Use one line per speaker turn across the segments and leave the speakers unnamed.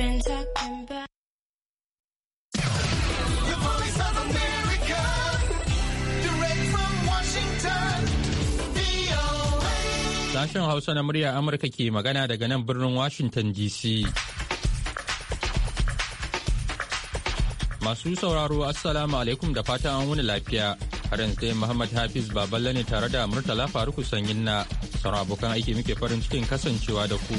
Sashen
Hausa na murya Amurka ke magana daga nan birnin Washington DC. Masu sauraro Assalamu alaikum da fatan an wuni lafiya. Har yanzu dai Muhammad Hafiz Baballe ne tare da Murtala Faruku Sanyin na abokan aiki muke farin cikin kasancewa da ku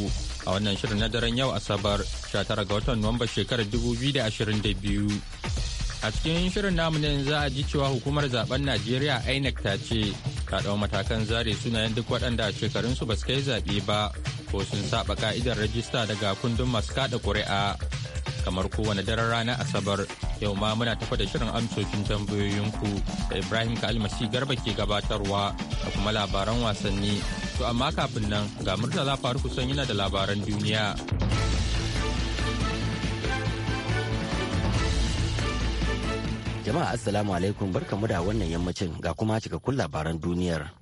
a wannan shirin na daren yau Asabar 19 ga watan Nuwamba shekarar 2022. A cikin shirin namu ne za a ji cewa hukumar zaben Najeriya INEC ta ce ta ɗau matakan zare sunayen duk waɗanda shekarunsu ba su kai zaɓe ba ko sun saba ka'idar rajista daga kundin masu kaɗa ƙuri'a. kamar kowane daren ranar asabar yau ma muna tafa da shirin amsoshin tambayoyinku da ibrahim kalmasi garba ke gabatarwa da kuma labaran wasanni to amma kafin nan ga murtala faru kusan yana da labaran duniya
jama'a assalamu alaikum barkamu da wannan yammacin ga kuma cikakkun labaran duniyar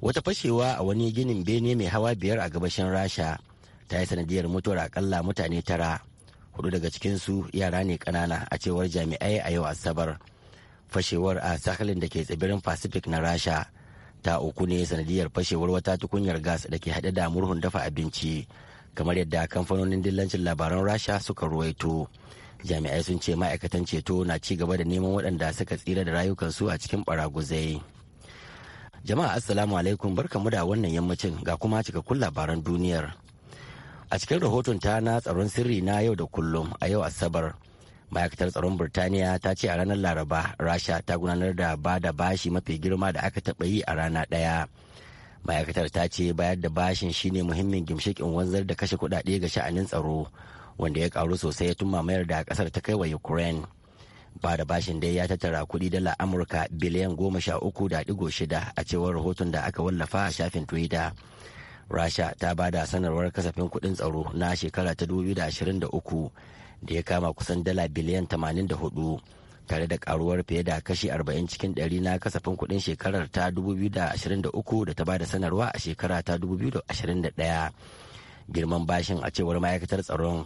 wata fashewa a wani ginin bene mai hawa biyar a gabashin rasha ta yi sanadiyar mutuwar akalla mutane tara hudu daga cikinsu yara ne kanana a cewar jami'ai a yau asabar fashewar a sakalin da ke tsibirin pacific na rasha ta uku ne sanadiyar fashewar wata tukunyar gas da ke haɗe da murhun dafa abinci kamar yadda kamfanonin dillancin labaran rasha suka ruwaito jami'ai sun ce ma'aikatan ceto na ci gaba da neman waɗanda suka tsira da rayukansu a cikin baraguzai jama'a assalamu alaikum barkamu da wannan yammacin ga kuma cikakkun labaran duniyar a cikin rahoton ta na tsaron sirri na yau da kullum a yau asabar ma'aikatar tsaron burtaniya ta ce a ranar laraba rasha ta gudanar da ba da bashi mafi girma da aka taɓa yi a rana ɗaya ma'aikatar ta ce bayar da bashin shine muhimmin gimshikin wanzar da kashe kuɗaɗe ga sha'anin tsaro wanda ya karu sosai tun mamayar da kasar ta kai wa ukraine ba da bashin dai ya tattara kuɗi dala amurka biliyan goma sha uku da digo shida a cewar rahoton da aka wallafa a shafin twitter rasha ta ba da sanarwar kasafin kuɗin tsaro na shekara ta 2023 da ya kama kusan dala biliyan 84 tare da karuwar fiye da kashi 40 cikin 100 na kasafin kuɗin shekarar ta 2023 da ta ba da sanarwa a shekara ta 2021 girman bashin a cewar ma'aikatar tsaron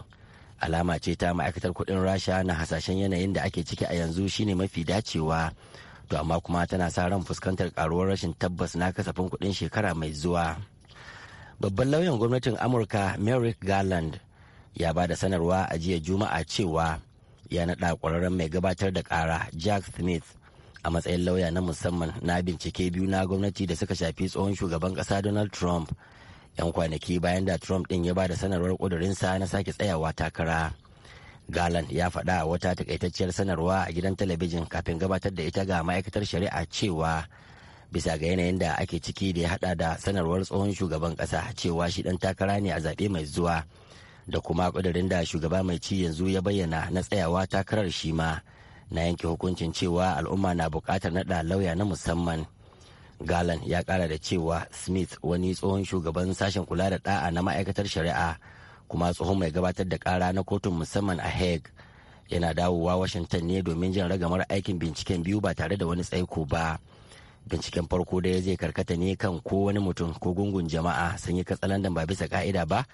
alama ce ta ma'aikatar kuɗin rasha na hasashen yanayin da ake ciki a yanzu shine mafi dacewa to amma kuma tana sa ran fuskantar karuwar rashin tabbas na kasafin kuɗin shekara mai zuwa babban lauyan gwamnatin amurka merrick garland ya ba da sanarwa a jiya juma'a cewa ya naɗa ƙwararren mai gabatar da ƙara jack smith a matsayin lauya na musamman na bincike biyu na gwamnati da suka shafi tsohon shugaban ƙasa donald trump 'yan kwanaki bayan da trump ɗin ya ba da sanarwar ƙudurinsa na sake tsayawa takara galan ya faɗa wata takaitacciyar sanarwa a gidan talabijin kafin gabatar da ita ga ma'aikatar shari'a cewa bisa ga yanayin da ake ciki da ya hada da sanarwar tsohon shugaban kasa cewa shi dan takara ne a zaɓe mai zuwa da kuma ƙudurin da shugaba mai ci yanzu ya bayyana na tsayawa takarar shi ma na yanke hukuncin cewa al'umma na buƙatar naɗa lauya na musamman galan ya ƙara da cewa smith wani tsohon shugaban sashen kula da ɗa'a na ma'aikatar shari'a kuma tsohon mai gabatar da ƙara na kotun musamman a hague yana dawowa washington ne domin jin ragamar aikin binciken biyu ba tare da wani tsaiko ba binciken farko da ya zai karkata ne kan ko wani mutum ko gungun jama'a sun yi katsalandan ba bisa ka'ida ba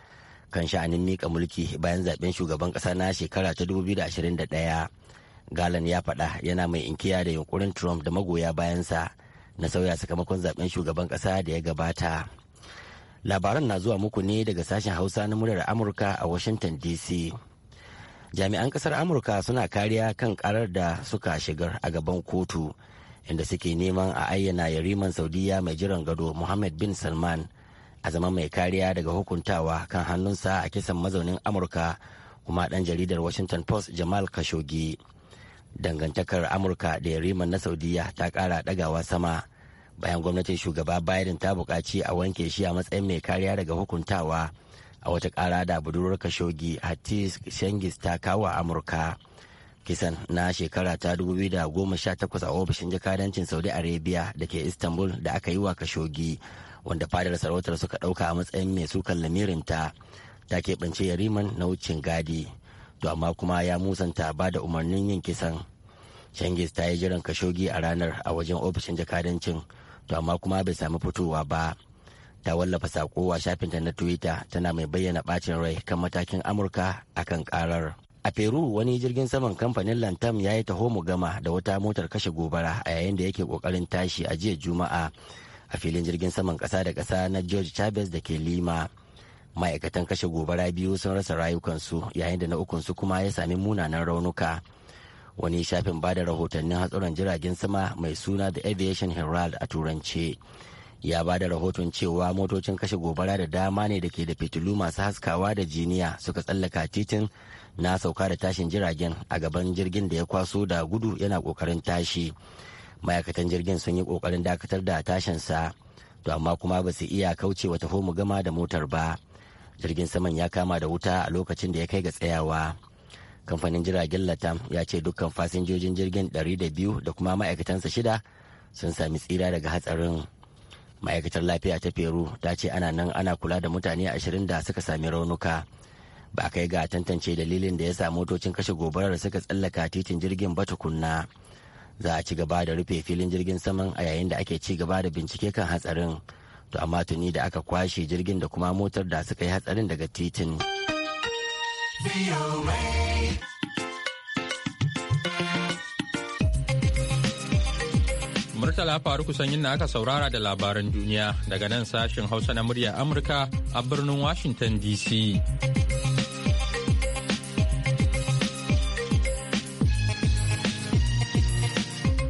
kan sha'anin mika mulki bayan zaben shugaban kasa na shekara ta 2021 galan ya faɗa yana mai inkiya da yunkurin trump da magoya bayansa na sauya sakamakon zaben shugaban kasa da ya gabata labaran na zuwa muku ne daga sashen hausa na murar amurka a washington dc jami'an kasar amurka suna kariya kan karar da suka shigar a gaban kotu inda suke neman a ayyana yariman saudiya mai jiran gado Mohammed bin Salman a zama mai kariya daga hukuntawa kan hannunsa a kisan mazaunin Amurka kuma dan jaridar Washington Post Jamal Khashoggi. Dangantakar Amurka da yariman na Saudiya ta kara dagawa sama bayan gwamnatin shugaba Biden ta bukaci a wanke shi a matsayin mai kariya daga hukuntawa a wata kara da budurwar Khashoggi Hatis Shengis ta kawo Amurka. kisan na shekara ta 2018 a ofishin jakadancin saudi arabia da ke istanbul da aka yi wa kashogi wanda fadar sarautar suka ɗauka a matsayin mai sukan lamirinta ta keɓance yariman na wucin gadi to amma kuma ya musanta ba da umarnin yin kisan Cengiz ta yi jiran kashogi a ranar a wajen ofishin jakadancin to amma kuma bai sami fitowa ba ta wallafa sako a shafinta na twitter tana mai bayyana bacin rai kan matakin amurka akan karar a peru wani jirgin saman kamfanin lantam ya yi taho gama da wata motar kashe gobara a yayin da yake kokarin tashi a jiya juma'a a filin jirgin saman kasa da kasa na george chavez da ke lima ma'aikatan kashe gobara biyu sun rasa rayukansu yayin da na ukunsu kuma ya sami munanan raunuka wani shafin bada rahotannin hatsuran jiragen sama mai suna the aviation herald a turance ya ba da rahoton cewa motocin kashe gobara da dama ne da ke da fitilu masu haskawa da jiniya suka tsallaka titin na sauka da tashin jiragen a gaban jirgin da ya kwaso da gudu yana kokarin tashi ma'aikatan jirgin sun yi kokarin dakatar da tashinsa to amma kuma ba su iya kauce wa taho mu gama da motar ba jirgin saman ya kama da wuta a lokacin da ya kai ga tsayawa kamfanin jiragen latam ya ce dukkan fasinjojin jirgin 200 da kuma ma'aikatansa shida sun sami tsira daga hatsarin ma'aikatar lafiya ta peru ta ce ana nan ana kula da mutane 20 da suka sami raunuka ba kai ga tantance dalilin da ya sa motocin kashe gobarar suka tsallaka titin jirgin ba tukunna za a ci gaba da rufe filin jirgin saman a yayin da ake ci gaba da bincike kan hatsarin to amma tuni da aka kwashe jirgin da kuma motar da suka yi hatsarin daga titin
Murtala Faruku san na aka saurara da labaran duniya daga nan sashen Hausa na muryar Amurka a birnin Washington DC.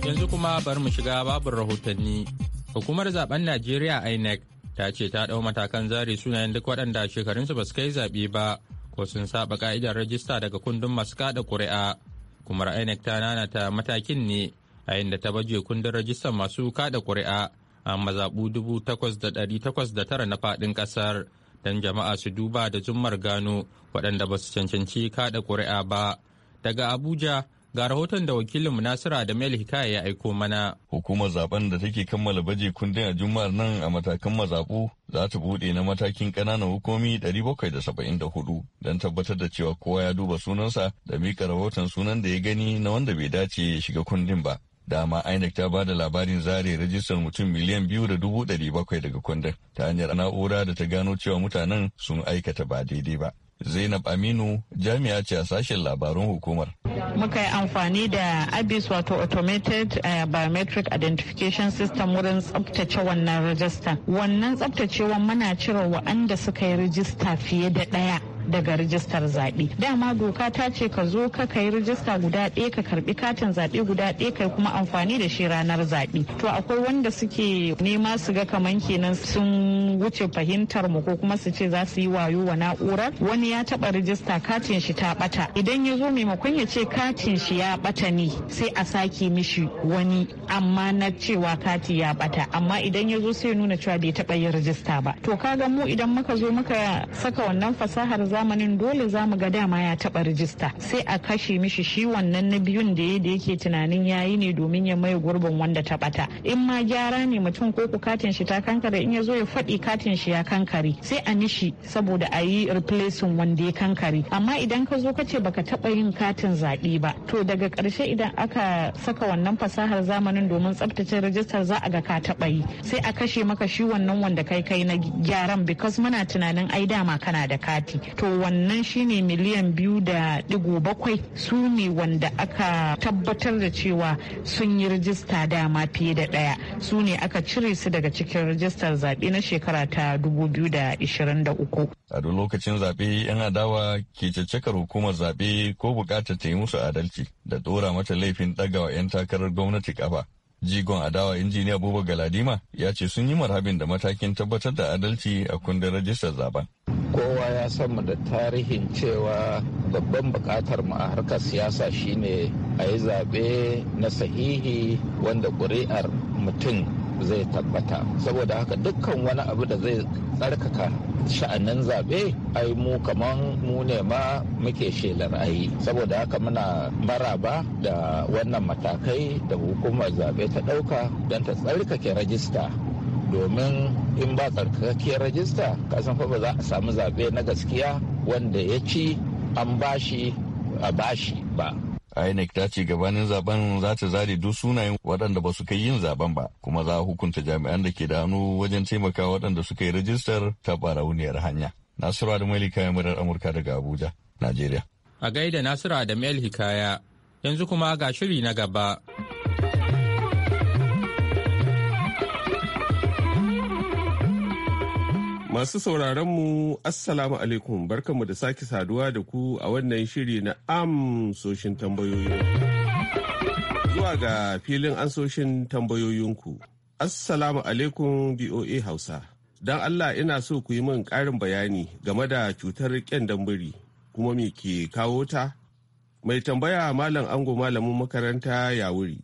Yanzu kuma bari mu shiga babu rahotanni. Hukumar zaben Najeriya INEC ta ce ta ɗau matakan zare sunayen duk waɗanda shekarunsu ba su kai zaɓe ba ko sun saba ka'idar rajista daga kundin masu kaɗa kuri'a kuma INEC ta nanata matakin ne a inda ta baje kundin rajistar masu kaɗa kuri'a a mazaɓu dubu takwas da ɗari takwas da tara na faɗin ƙasar don jama'a su duba da zummar gano waɗanda ba su cancanci kaɗa kuri'a ba. Daga Abuja, Ga rahoton da wakilin Nasira
da Hikaya ya aiko mana. Hukumar zaben da take kammala baje kundin a Juma'ar nan a matakan mazaɓu za ta buɗe na matakin ƙananan hukumi 774 don tabbatar da cewa kowa ya duba sunansa da mika rahoton sunan da ya gani na wanda bai dace ya shiga kundin ba. dama INEC ta ba da labarin zare rajistar mutum miliyan biyu da dubu ɗari bakwai daga kwandon ta hanyar na'ura da ta gano cewa mutanen sun aikata ba daidai ba. Zainab Aminu jami'a ce a sashen labarun hukumar
muka yi amfani da abis wato automated uh, biometric identification system wurin tsabtace wannan rajista wannan tsabtacewan muna cire wa'anda suka yi rajista fiye da ɗaya daga rijistar zaɓe dama doka ta ce ka zo ka kai rijista guda ɗaya ka karbi katin zaɓe guda ɗaya kai kuma amfani da shi ranar zaɓe to akwai wanda suke nema su ga kaman kenan sun wuce fahimtar mu ko kuma su ce za su yi wayo wa na'urar wani ya taɓa rijista katin shi ta ɓata idan ya zo maimakon ya ce katin shi ya ɓata ne sai a sake mishi wani amma na cewa kati ya ɓata amma idan ya zo sai nuna cewa bai taɓa yin rijista ba to kaga mu idan muka zo muka saka wannan fasahar za zamanin dole za mu ga dama ya taɓa rijista sai a kashe mishi shi wannan na biyun da da yake tunanin ya yi ne domin ya maye gurbin wanda ta bata in ma gyara ne mutum ko ku katin shi ta kankare in ya zo ya faɗi katin shi ya kankare sai a mishi saboda a yi replacing wanda ya kankare amma idan ka zo ka ce baka taɓa yin katin zaɓe ba to daga ƙarshe idan aka saka wannan fasahar zamanin domin tsabtace rijistar za a ga ka taɓa yi sai a kashe maka shi wannan wanda kai kai na gyaran because muna tunanin ai dama kana da kati to to wannan shine miliyan biyu da digo bakwai su ne wanda aka tabbatar da cewa sun yi rijista dama fiye da daya su ne aka cire su daga cikin rijistar zaɓe na shekara ta da uku.
a duk lokacin zaɓe yan adawa ke caccakar hukumar zaɓe ko bukatar ta yi musu adalci da ɗora mata laifin wa 'yan takarar gwamnati ƙafa Jigon adawa injiniya Buba Galadima ya ce sun yi marhabin da matakin tabbatar da adalci a kundin rajistar zaben.
Kowa ya san da tarihin cewa babban bukatar mu a harkar siyasa shine a yi zaɓe na sahihi wanda ƙuri'ar mutum zai tabbata saboda haka dukkan wani abu da zai tsarkaka sha'anin zaɓe ai mu kaman mu ne ma muke shelar ayi saboda haka muna maraba da wannan matakai da hukumar zaɓe ta ɗauka don ta tsarkake rajista domin in ba tsarkakakiyar rajista kasan fa ba za a samu zaɓe na gaskiya wanda ya ci
an bashi a bashi ba INEC ta ce gabanin zaben za ta zare duk sunayen waɗanda ba su kai yin zaben ba kuma za a hukunta jami'an da ke da hannu wajen taimaka waɗanda suka yi rajistar ta barauniyar hanya. Nasiru Adamu kayan murar Amurka daga Abuja, Najeriya.
A gaida Nasiru Adamu Hikaya yanzu kuma ga shiri na gaba.
Masu sauraronmu, Assalamu alaikum barkanmu da sake saduwa da ku a wannan shiri na amsoshin tambayoyi. Zuwa ga filin ansoshin tambayoyinku. Assalamu alaikum BOA Hausa. Don Allah ina so ku yi min ƙarin bayani game da cutar biri kuma me ke kawo ta? Mai tambaya Malam Ango Malamin makaranta ya wuri.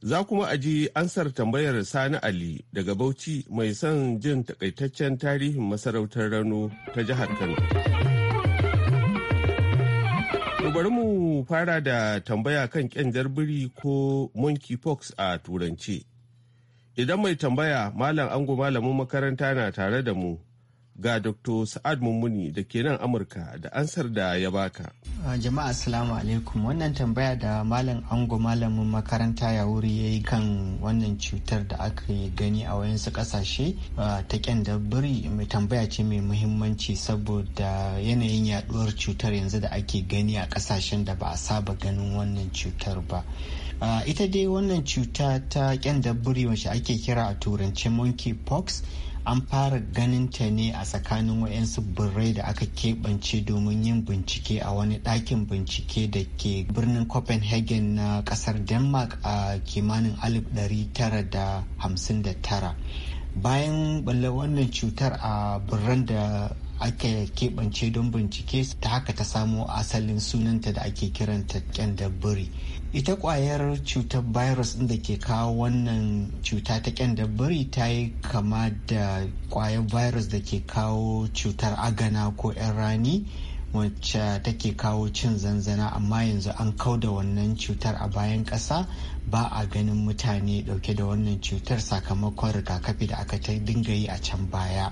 Za kuma a ji ansar tambayar Sani Ali daga Bauchi mai son jin takaitaccen tarihin masarautar Rano ta jihar Kano. bari mu fara da tambaya kan ƙyanjar biri ko monkeypox a turance. Idan mai tambaya malam ango malamin makaranta na tare da mu ga dr sa'ad mummuni da ke nan amurka da ansar da ya baka
ah, jama'a assalamu alaikum wannan tambaya da malam ango malamin makaranta ya wuri ya yi kan wannan cutar da aka gani a wayansu kasashe ah, ta biri mai tambaya ce mai muhimmanci saboda yanayin yaduwar cutar yanzu da ake gani a kasashen da ba a saba ganin wannan cutar ba ah, ita dai wannan cuta ta biri wacce ake kira a turance monkey pox an fara ganin ta ne a tsakanin wayansu birrai da aka keɓance domin yin bincike a wani ɗakin bincike da ke birnin copenhagen na ƙasar denmark a kimanin 1959 bayan balle wannan cutar a birran da aka keɓance don bincike ta haka ta samo asalin sunanta da ake kiranta kyan da biri ita kwayar cutar virus da ke kawo wannan cuta ta bari ta yi kama da kwayar virus da ke kawo cutar agana ko 'yan rani wacce take kawo cin zanzana amma yanzu an kau da wannan cutar a bayan ƙasa ba a ganin mutane ɗauke da wannan cutar sakamakon rigakafi da aka ta dinga yi a can baya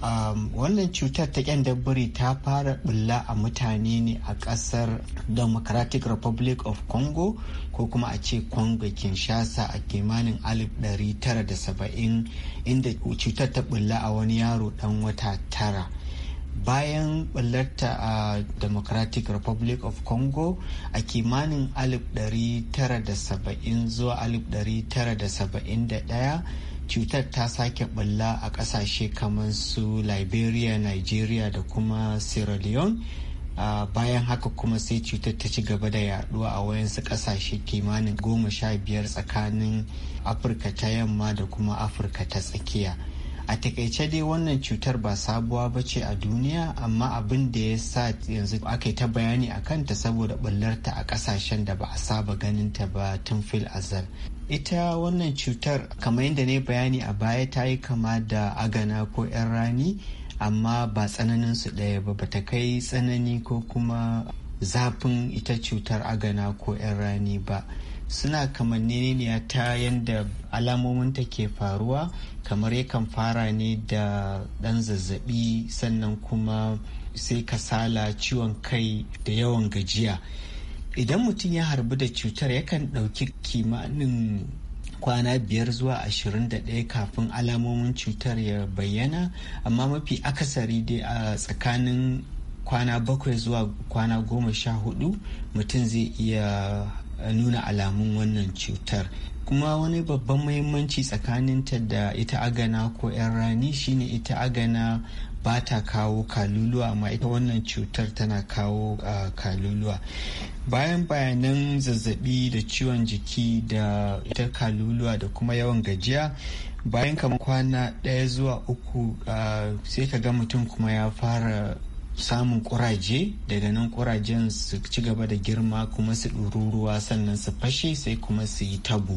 Um, wannan cutar ta biri ta fara bulla a mutane ne a kasar democratic republic of congo ko kuma a ce congo kinshasa a kimanin 1970 inda cutar ta bulla a wani yaro dan wata tara bayan bullarta a democratic republic of congo a kimanin 1970 zuwa 1971 cutar ta sake bulla a kasashe kamar su liberia nigeria da kuma sierra leone uh, bayan haka kuma sai cutar ta ci gaba da yaduwa a wayansu kasashe kimanin goma sha biyar tsakanin afirka ta yamma da kuma afirka ta tsakiya a takaice dai wannan cutar ba sabuwa ba ce a duniya amma abin da ya sa yanzu aka yi ta bayani a kanta saboda bullarta a kasashen da ba a saba ganin ta ba tun fil azal ita wannan cutar kamar yadda ne bayani a baya ta yi kama da agana ko 'yan rani amma ba tsananin su ɗaya ba bata kai tsanani ko kuma zafin ita cutar agana ko 'yan rani ba suna ne ta yadda ta ke faruwa kamar yakan fara ne da ɗan zazzabi sannan kuma sai kasala ciwon kai da yawan gajiya idan mutum ya harbi da cutar yakan ɗauki kimanin kwana biyar zuwa ashirin da ɗaya kafin alamomin cutar ya bayyana amma mafi akasari dai a tsakanin kwana bakwai zuwa kwana goma sha hudu mutum zai iya eh, nuna alamun wannan cutar kuma wani babban muhimmanci tsakaninta da ita agana ko 'yan rani shine ita agana ba ta kawo kaluluwa amma ita wannan cutar tana kawo kaluluwa bayan bayanan zazzabi da ciwon jiki da ita kaluluwa da kuma yawan gajiya bayan kamar kwana ɗaya zuwa uku sai ka ga mutum kuma ya fara samun kuraje daga nan kurajen su ci gaba da girma kuma su ruwa sannan su fashe sai kuma su yi tabo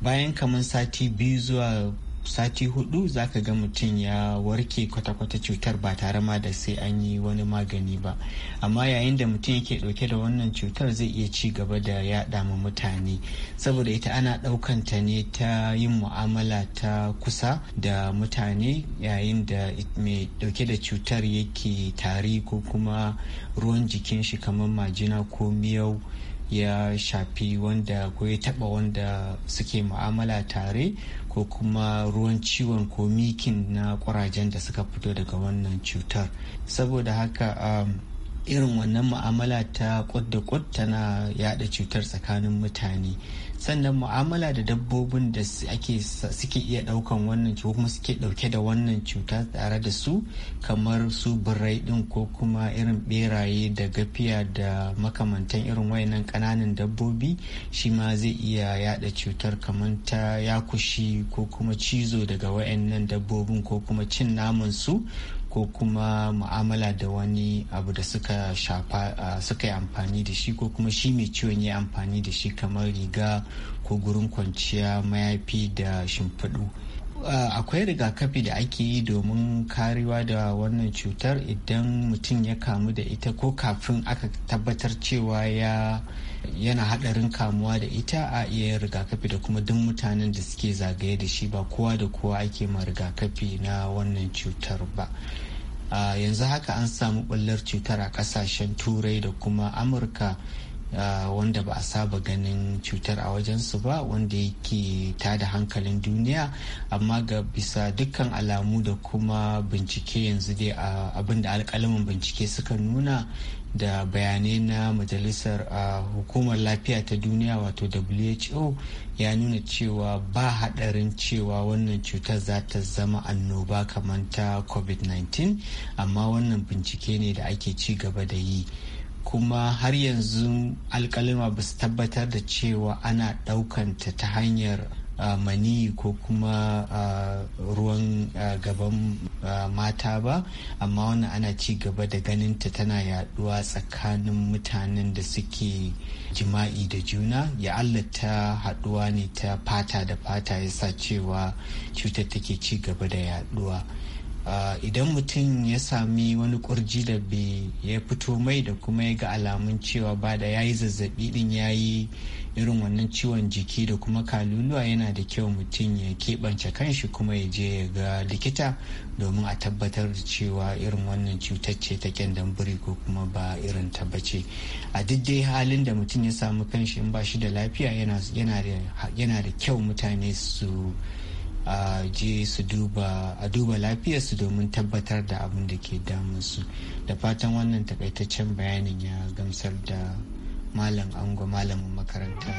bayan kamar sati biyu zuwa sati hudu za ka ga mutum ya warke kwata-kwata cutar ba tare ma da sai an yi wani magani ba amma yayin da mutum yake dauke da wannan cutar zai iya ci gaba da yaɗa ma mutane saboda ita ana ɗaukan ta ne ta yin mu'amala ta kusa da mutane yayin da mai dauke da cutar yake tari ko kuma ruwan jikin shi kamar majina ko miyau ya shafi wanda ko ya taba wanda suke mu'amala tare ko kuma ruwan ciwon ko mikin na kurajen da suka fito daga wannan cutar saboda haka um, irin wannan mu'amala ta kud da tana yada cutar tsakanin mutane sannan mu'amala da dabbobin da suke iya daukan wannan ko kuma suke dauke da wannan cuta tare da su kamar su birai din ko kuma irin beraye da gafiya da makamantan irin wayannan kananan dabbobi shi ma zai iya yada cutar kamar ta yakushi ko kuma cizo daga wayannan dabbobin ko kuma cin naman su ko kuma mu'amala da wani abu da suka shafa suka yi amfani da shi ko kuma shi mai ciwon ya amfani da shi kamar riga ko gurin kwanciya mayafi da shimfiɗu akwai rigakafi da ake yi domin kariwa da wannan cutar idan mutum ya kamu da ita ko kafin aka tabbatar cewa ya yana hadarin kamuwa da ita a iya rigakafi da kuma duk mutanen da suke zagaye da shi ba kowa da kowa ake ma rigakafi na wannan cutar ba yanzu haka an samu bullar cutar a kasashen turai da kuma amurka wanda ba a saba ganin cutar a wajensu ba wanda yake tada hankalin duniya amma ga bisa dukkan alamu da kuma bincike yanzu dai abinda abinda alkalamin bincike suka nuna da bayanai na majalisar a hukumar lafiya ta duniya wato who ya nuna cewa ba hadarin cewa wannan cutar za ta zama annoba kamar ta covid-19 amma wannan bincike ne da ake ci gaba da yi kuma har yanzu alkalima ba su tabbatar da cewa ana ɗaukanta ta hanyar mani ko kuma ruwan gaban mata ba amma wannan ana ci gaba da ganin ta tana yaduwa tsakanin mutanen da suke jima'i da juna ya ta haduwa ne ta fata da fata ya sa cewa cutar take ci gaba da yaduwa. Ah, idan mutum ya sami wani kurji da bi ya fito mai da kuma ya ga alamun cewa ba da ya yi zazzabi din ya yi irin wannan ciwon jiki da kuma kaluluwa yana da kyau mutum ya keɓance kanshi kuma ya je ya ga likita domin a tabbatar da cewa irin wannan cutar ce ta kyandan biri ko kuma ba irin tabbace a duk dai halin da mutum ya samu kanshi in ba shi da lafiya yana da kyau mutane su a je su duba a duba lafiyarsu domin tabbatar da abin da ke damunsu da fatan wannan takaitaccen bayanin ya gamsar da malam ango malamin makaranta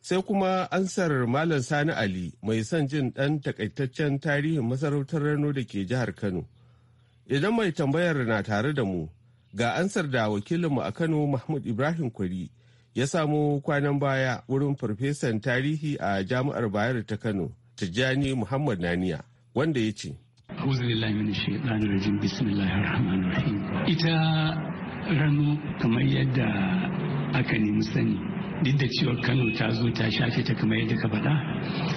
sai kuma ansar malam sani ali mai son jin ɗan takaitaccen tarihin masarautar rano da ke jihar kano idan mai tambayar na tare da mu ga ansar da wakilinmu a kano mahmud ibrahim kwari ya samu kwanan baya wurin farfesan tarihi a jami'ar bayar ta kano tijjani muhammad naniya
wanda ya ce ita rano kamar yadda aka nemi sani duk da cewa kano ta zo ta shafe ta kamar yadda ka faɗa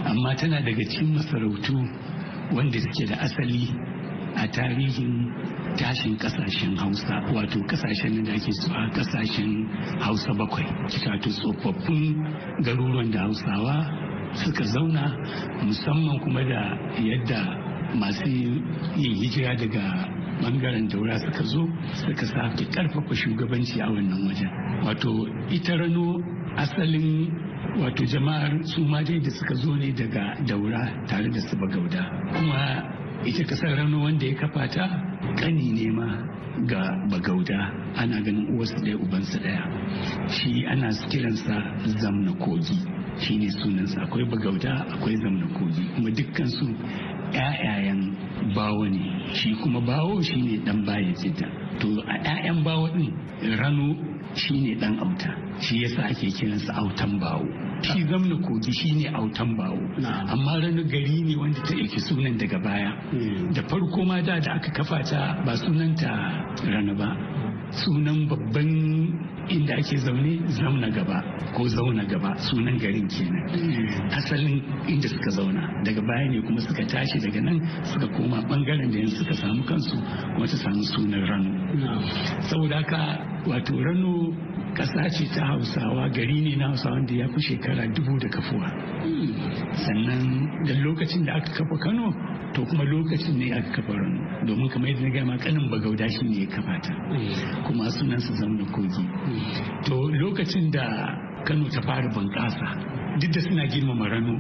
amma tana daga cikin masarautu wanda suke da asali a tarihin tashin kasashen hausa wato kasashen da ake a kasashen hausa bakwai to tsofaffin garuruwan da hausawa suka zauna musamman kuma da yadda masu yin hijira daga bangaren daura suka zo suka sake karfafa shugabanci a wannan wajen wato ita rano asalin wato jama'ar su da suka zo ne daga daura tare da su gauda kuma ita kasar rano wanda ya kafa ta kani ne ma ga bagauda ana ganin uwarsa ɗaya ubansa ɗaya shi ana kiransa zamna kogi shi ne sunansa akwai bagauda akwai zamna kogi kuma dukkan su bawo ne shi kuma bawo shi ne ɗan bayan to a ƴaƴan bawo ɗin rano shi ne ɗan auta shi yasa ake kiransa autan bawo shi gamna kogi shi ne autan bawo amma rana gari ne wanda ta ɗauki sunan daga baya hmm. da farko ma da aka kafa ta ba sunanta rana ba hmm. sunan babban inda ake zaune zauna gaba ko zauna gaba sunan garin kenan mm. asalin inda suka zauna daga baya ne kuma suka tashi daga nan suka koma bangaren da suka samu kansu kuma su samu sunan rano mm. saboda haka wato rano ƙasa ce ta hausawa gari ne na hausawa da ya fi shekara dubu da kafuwa mm. sannan da lokacin da aka kafa kano to kuma lokacin ne aka kafa rano domin kamar yadda na gama kanin bagauda shi ne ya kafa ta kuma su zama kogi to lokacin da kano ta fara bunƙasa duk da suna girmama rano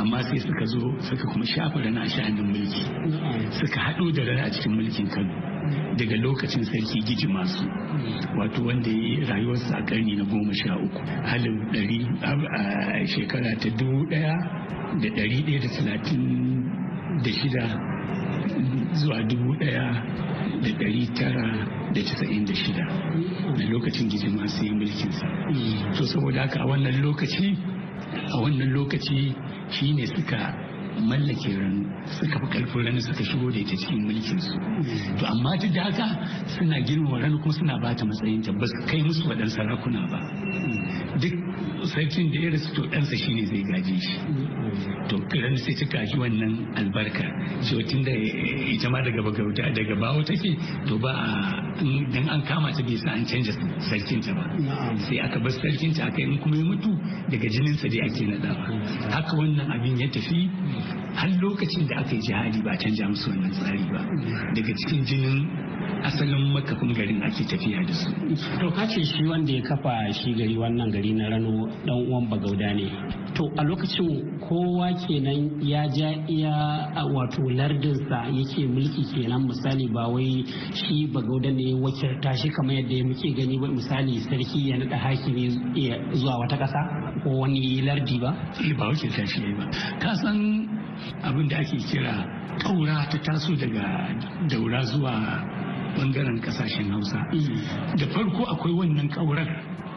amma sai suka zo suka kuma shafa rana a sha'anin mulki suka haɗo da rana a cikin mulkin kano daga lokacin sarki giji masu wato wanda ya rayuwarsa a ƙarni na goma sha uku halin ɗari a shekara ta dubu ɗaya da ɗari ɗaya da talatin da shida zuwa dubu daya da dari tara da casa'in da shida na lokacin masu yin mulkin sa mm. to saboda haka a wannan lokaci a wannan lokaci shine suka mallake ranu suka fi karfin ranu suka shigo da ita cikin mulkin su to amma duk da haka suna girma ranu kuma suna bata matsayin ta ba su kai musu wadan sarakuna ba duk sarkin da ya rasu to ɗansa shine zai gaje shi to ran sai ta kaji wannan albarka cewa tun da ita ma daga bagauta daga bawo take to ba dan an kama ta bai sa an canja sarkin ta ba sai aka bar sarkin ta aka yi kuma ya mutu daga jinin sa dai ake nadawa haka wannan abin ya tafi har lokacin da aka yi jihadi ba canja musu wannan tsari ba daga cikin jinin asalin makafin garin ake tafiya da su. To kace shi wanda ya kafa shi gari wannan gari na rano dan uwan bagauda ne. To a lokacin kowa kenan ya ja iya wato lardinsa yake mulki kenan misali ba wai shi bagauda ne wakilta shi kamar yadda ya muke gani ba misali sarki ya naɗa hakimi zuwa wata ƙasa ko wani lardi ba? Eh, ba wakilta shi ne ba. Ka san abin da ake kira ƙaura ta taso daga daura zuwa bangaren kasashen hausa da farko akwai wannan kaurar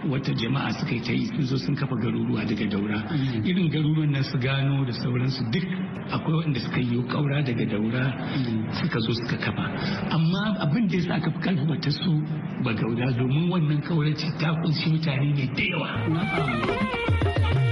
wata jama'a suka yi ta yi sun zo sun kafa garuruwa daga daura irin garuruwan nan su gano da sauransu duk akwai wanda suka yi kaura daga daura suka zo suka kafa amma abin da yasa aka fi kalfata su ba gauda domin wannan ce ta kunshi mutane ne da yawa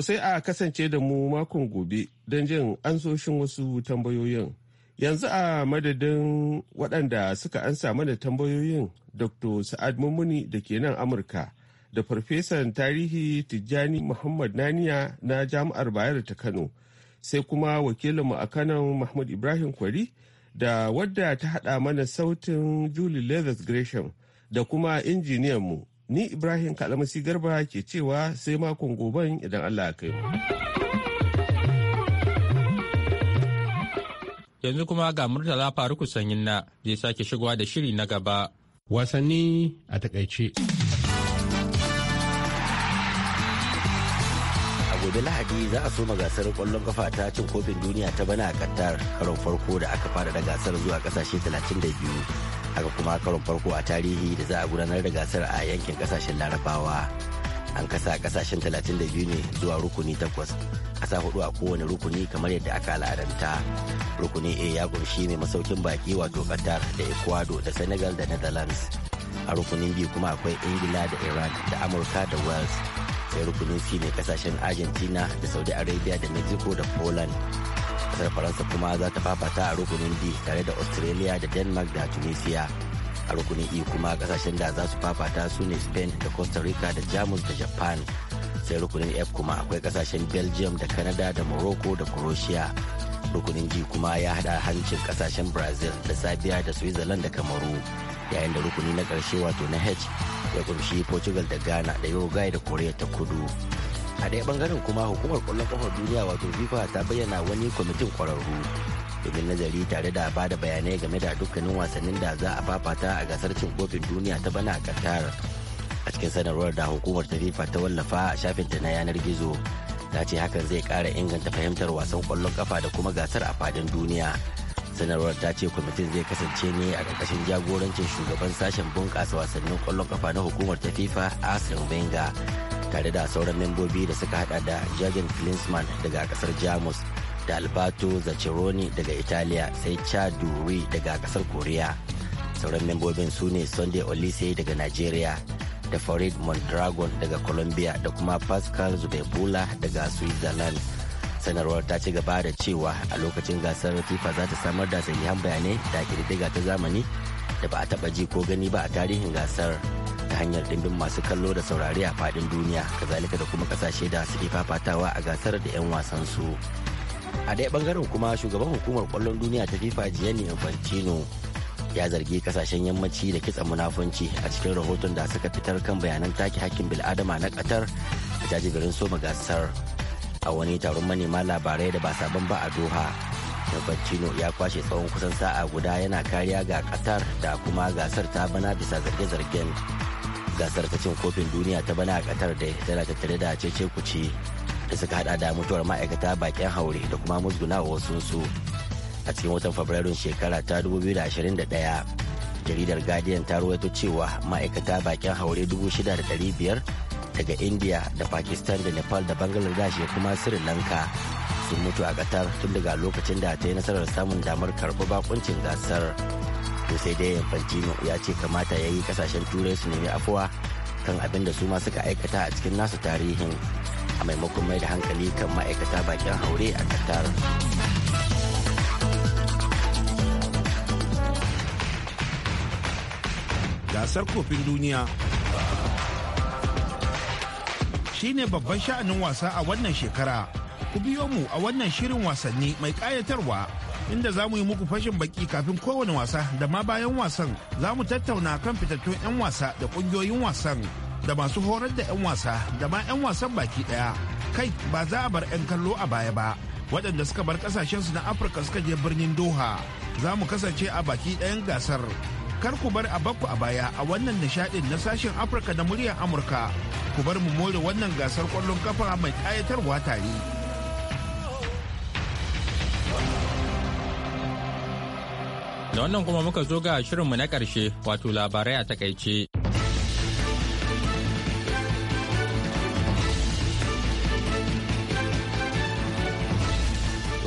To sai a kasance da mu makon gobe don jin ansoshin wasu tambayoyin. Yanzu a madadin waɗanda suka ansa mana tambayoyin Dr. Sa'ad Mummuni da ke nan Amurka da Farfesan Tarihi Tijjani Muhammad Naniya na Jami'ar Bayar ta Kano, sai kuma wakilinmu a Kano Mahmud Ibrahim Kwari da wadda ta haɗa mana sautin Julie Leathers Gresham da kuma injiniyanmu ni ibrahim kalamasi garba ke cewa sai makon goben idan allah ya kai
yanzu kuma ga murtala faruku sanyin na zai sake shigowa da shiri na gaba wasanni a takaice
da lahadi za a soma gasar kwallon kafa ta cin kofin duniya ta bana a kattar karon farko da aka fara da gasar zuwa kasashe 32 haka kuma karon farko a tarihi da za a gudanar da gasar a yankin kasashen larabawa an kasa kasashen 32 ne zuwa rukuni takwas kasa hudu a kowane rukuni kamar yadda aka al'adanta rukuni a ya kunshi mai masaukin baki wato qatar da ecuador da senegal da netherlands a rukunin biyu kuma akwai ingila da iran da amurka da wales sai rukunin c ne kasashen argentina da saudi arabia da mexico da poland kasar faransa kuma za ta fafata a rukunin d tare da australia da denmark da tunisia a rukunin e kuma kasashen da za su fafata su ne spain da costa rica da jamus da japan sai rukunin f kuma akwai kasashen belgium da canada da morocco da croatia rukunin g kuma ya hada hancin kasashen brazil da sabi'a da switzerland da kamaru yayin da rukuni na karshe wato na h ya kunshi portugal da ghana da uruguay da korea ta kudu a ɗaya bangaren kuma hukumar kwallon kafar duniya wato fifa ta bayyana wani kwamitin kwararru domin nazari tare da bada bayanai game da dukkanin wasannin da za a fafata a gasar cin kofin duniya ta bana a qatar a cikin sanarwar da hukumar ta fifa ta wallafa a shafinta na yanar gizo ta ce hakan zai kara inganta fahimtar wasan kwallon kafa da kuma gasar a fadin duniya sanarwar ta ce kwamitin zai kasance ne a ƙarƙashin jagorancin shugaban sashen bunƙasa wasannin ƙwallon kafa na hukumar ta fifa arsene wenger tare da sauran membobi da suka hada da jürgen klinsmann daga ƙasar jamus da alberto zaccheroni daga italiya sai chad ri daga ƙasar korea sauran membobin su ne sunday olise daga nigeria da farid mondragon daga colombia da kuma pascal zubebula daga switzerland sanarwar ta ci gaba da cewa a lokacin gasar fifa za ta samar da sahihan bayanai da ƙididdiga ta zamani da ba a taba ji ko gani ba a tarihin gasar ta hanyar dimbin masu kallo da saurari a fadin duniya kazalika da kuma kasashe da suke fafatawa a gasar da 'yan wasan su a ɗaya bangaren kuma shugaban hukumar kwallon duniya ta fifa gianni infantino ya zargi kasashen yammaci da kitsa munafunci a cikin rahoton da suka fitar kan bayanan take hakkin bil'adama na qatar a jajibirin soma gasar a wani taron manema labarai da ba sabon ba a doha Infantino ya kwashe tsawon kusan sa'a guda yana kariya ga Qatar da kuma gasar ta bana bisa zarge-zargen gasar ta cin kofin duniya ta bana a katar da tana tattare da cece kuce da suka hada da mutuwar ma'aikata bakin haure da kuma musgunawa wasu su a cikin watan Fabrairun shekara ta 2021 jaridar Guardian ta ruwaito cewa ma'aikata bakin haure 6,500 daga india da pakistan da nepal da bangladesh ya kuma sri lanka sun mutu a qatar tun daga lokacin da ta yi nasarar samun damar karɓar bakuncin gasar to sai dai infantino ya ce kamata ya yi kasashen turai su nemi afuwa kan abin da su ma suka aikata a cikin nasu tarihin a maimakon mai da hankali kan ma'aikata bakin haure a qatar
gasar kofin duniya shine babban sha'anin wasa a wannan shekara. Ku biyo mu a wannan shirin wasanni mai ƙayatarwa inda za mu yi muku fashin baki kafin kowane wasa da ma bayan wasan za mu tattauna kan fitattun 'yan wasa da ƙungiyoyin wasan da masu horar da 'yan wasa da ma 'yan wasan baki ɗaya. Kai ba za a bar 'yan kallo a baya ba. waɗanda suka bar su na afirka suka je birnin doha za mu kasance a baki ɗayan gasar kar ku bar a bakku a baya a wannan nishadin na sashen afirka da muryar amurka ku bar mu more wannan gasar kwallon kafa mai kayatarwa tare
da wannan kuma muka zo ga shirinmu na ƙarshe wato labarai a
takaice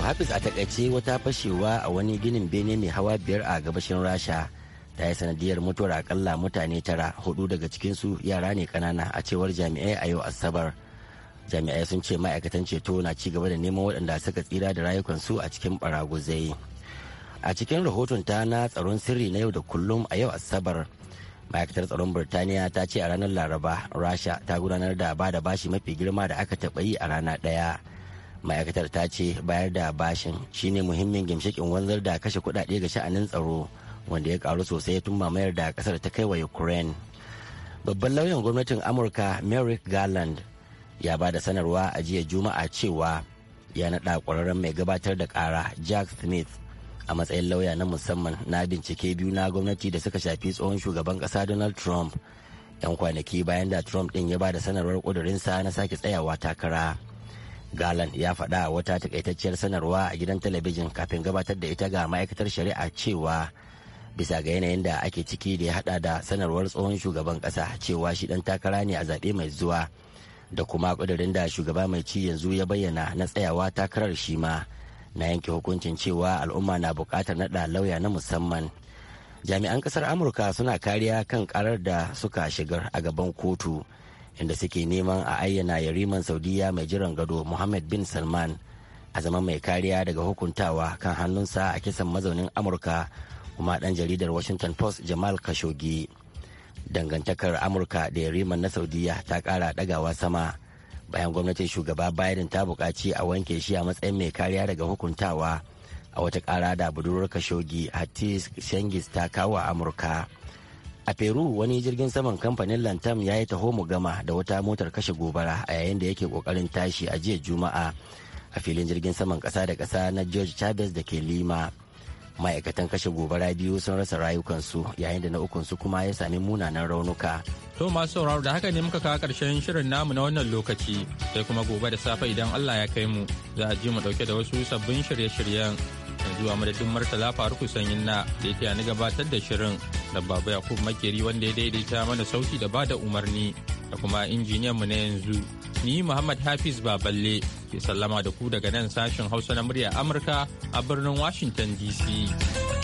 hafiz a takaice wata fashewa a wani ginin bene mai hawa biyar a gabashin rasha ta yi sanadiyar mutuwar akalla mutane tara hudu daga cikinsu yara ne kanana a cewar jami'ai a yau asabar jami'ai sun ce ma'aikatan ceto na ci gaba da neman waɗanda suka tsira da rayukansu a cikin baraguzai a cikin rahoton ta na tsaron sirri na yau da kullum a yau asabar ma'aikatar tsaron birtaniya ta ce a ranar laraba rasha ta gudanar da bada bashi mafi girma da aka taɓa yi a rana ɗaya ma'aikatar ta ce bayar da bashin shine muhimmin gimshikin wanzar da kashe kuɗaɗe ga sha'anin tsaro wanda ya karu sosai tun mamayar da kasar ta kai wa ukraine babban lauyan gwamnatin amurka merrick garland ya ba da sanarwa a jiya juma'a cewa ya naɗa ƙwararren mai gabatar da ƙara jack smith a matsayin lauya na musamman na bincike biyu na gwamnati da suka shafi tsohon shugaban ƙasa donald trump 'yan kwanaki bayan da trump ɗin ya ba da sanarwar ƙudurinsa na sake tsayawa takara galan ya faɗa wata takaitacciyar sanarwa a gidan talabijin kafin gabatar da ita ga ma'aikatar shari'a cewa bisa ga yanayin da ake ciki da ya hada da sanarwar tsohon shugaban kasa cewa shi dan takara ne a zaɓe mai zuwa da kuma ƙudurin da shugaba mai ci yanzu ya bayyana na tsayawa takarar shi ma na yanke hukuncin cewa al'umma na buƙatar naɗa lauya na musamman jami'an ƙasar amurka suna kariya kan karar da suka shigar a gaban kotu inda suke neman a ayyana yariman saudiya mai jiran gado muhammad bin salman a zaman mai kariya daga hukuntawa kan hannunsa a kisan mazaunin amurka kuma ɗan jaridar washington post jamal khashoggi dangantakar amurka da yariman na saudiya ta kara ɗagawa sama bayan gwamnatin shugaba biden ta buƙaci a wanke shi a matsayin mai kariya daga hukuntawa a wata kara da budurwar khashoggi hatis shengis ta kawo amurka a peru wani jirgin saman kamfanin lantam ya yi taho mu gama da wata motar kashe gobara a yayin da yake kokarin tashi a jiya juma'a a filin jirgin saman kasa da kasa na george chavez da ke lima ma'aikatan kashe gobara biyu sun rasa rayukansu yayin da na su kuma ya sami munanan raunuka.
To masu sauraro da haka ne muka kawo karshen shirin namu na wannan lokaci sai kuma gobe da safe idan Allah ya kai mu za a ji mu dauke da wasu sabbin shirye-shiryen yanzu a madadin Murtala Faruku Sanyin na da ya ni gabatar da shirin da Babu Yakub Makeri wanda ya daidaita mana sauti da bada umarni da kuma injiniyan mu na yanzu ni Muhammad Hafiz Baballe ke sallama da ku daga nan sashen Hausa na murya Amurka a birnin Washington DC.